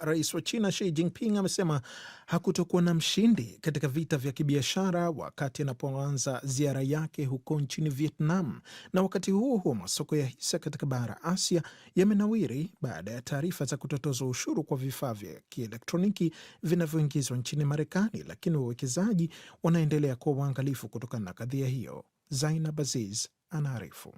Rais wa China Xi Jinping amesema hakutokuwa na mshindi katika vita vya kibiashara wakati anapoanza ziara yake huko nchini Vietnam. Na wakati huo huo, masoko ya hisa katika bara Asia yamenawiri baada ya taarifa za kutotozwa ushuru kwa vifaa vya kielektroniki vinavyoingizwa nchini Marekani, lakini wawekezaji wanaendelea kuwa waangalifu kutokana na kadhia hiyo. Zainab Aziz anaarifu.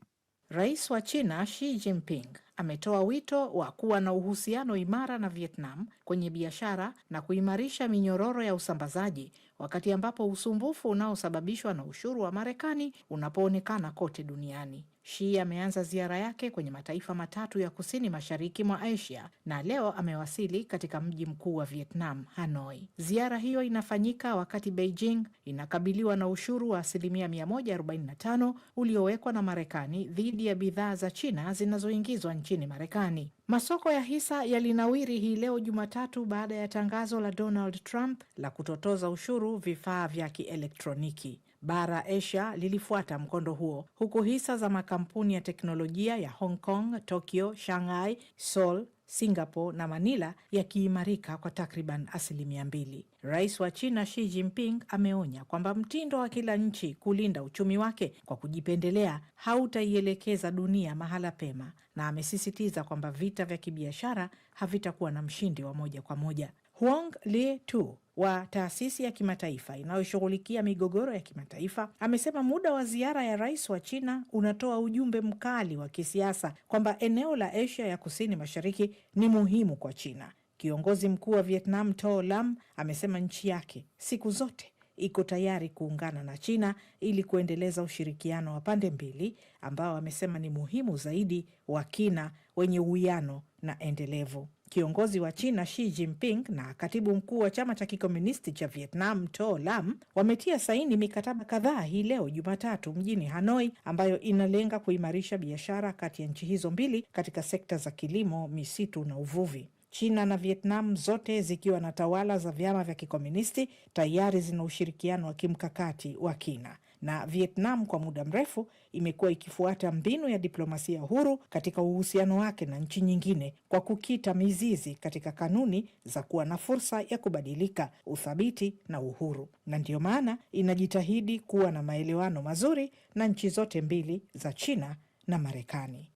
Rais wa China Xi Jinping ametoa wito wa kuwa na uhusiano imara na Vietnam kwenye biashara na kuimarisha minyororo ya usambazaji wakati ambapo usumbufu unaosababishwa na ushuru wa Marekani unapoonekana kote duniani shi ameanza ziara yake kwenye mataifa matatu ya kusini mashariki mwa Asia na leo amewasili katika mji mkuu wa Vietnam, Hanoi. Ziara hiyo inafanyika wakati Beijing inakabiliwa na ushuru wa asilimia 145 uliowekwa na Marekani dhidi ya bidhaa za China zinazoingizwa nchini Marekani. Masoko ya hisa yalinawiri hii leo Jumatatu baada ya tangazo la Donald Trump la kutotoza ushuru vifaa vya kielektroniki. Bara Asia lilifuata mkondo huo, huku hisa za makampuni ya teknolojia ya Hong Kong, Tokyo, Shanghai, Seoul, Singapore na Manila yakiimarika kwa takriban asilimia mbili. Rais wa China Xi Jinping ameonya kwamba mtindo wa kila nchi kulinda uchumi wake kwa kujipendelea hautaielekeza dunia mahala pema, na amesisitiza kwamba vita vya kibiashara havitakuwa na mshindi wa moja kwa moja. Huang le Tu wa taasisi ya kimataifa inayoshughulikia migogoro ya kimataifa amesema muda wa ziara ya rais wa China unatoa ujumbe mkali wa kisiasa kwamba eneo la Asia ya Kusini Mashariki ni muhimu kwa China. Kiongozi mkuu wa Vietnam To Lam amesema nchi yake siku zote iko tayari kuungana na China ili kuendeleza ushirikiano wa pande mbili ambao amesema ni muhimu zaidi wa kina wenye uwiano na endelevu. Kiongozi wa China Xi Jinping na katibu mkuu wa chama cha kikomunisti cha Vietnam To Lam wametia saini mikataba kadhaa hii leo Jumatatu mjini Hanoi ambayo inalenga kuimarisha biashara kati ya nchi hizo mbili katika sekta za kilimo, misitu na uvuvi. China na Vietnam zote zikiwa na tawala za vyama vya kikomunisti tayari zina ushirikiano wa kimkakati wa kina na Vietnam kwa muda mrefu imekuwa ikifuata mbinu ya diplomasia huru katika uhusiano wake na nchi nyingine kwa kukita mizizi katika kanuni za kuwa na fursa ya kubadilika, uthabiti na uhuru, na ndiyo maana inajitahidi kuwa na maelewano mazuri na nchi zote mbili za China na Marekani.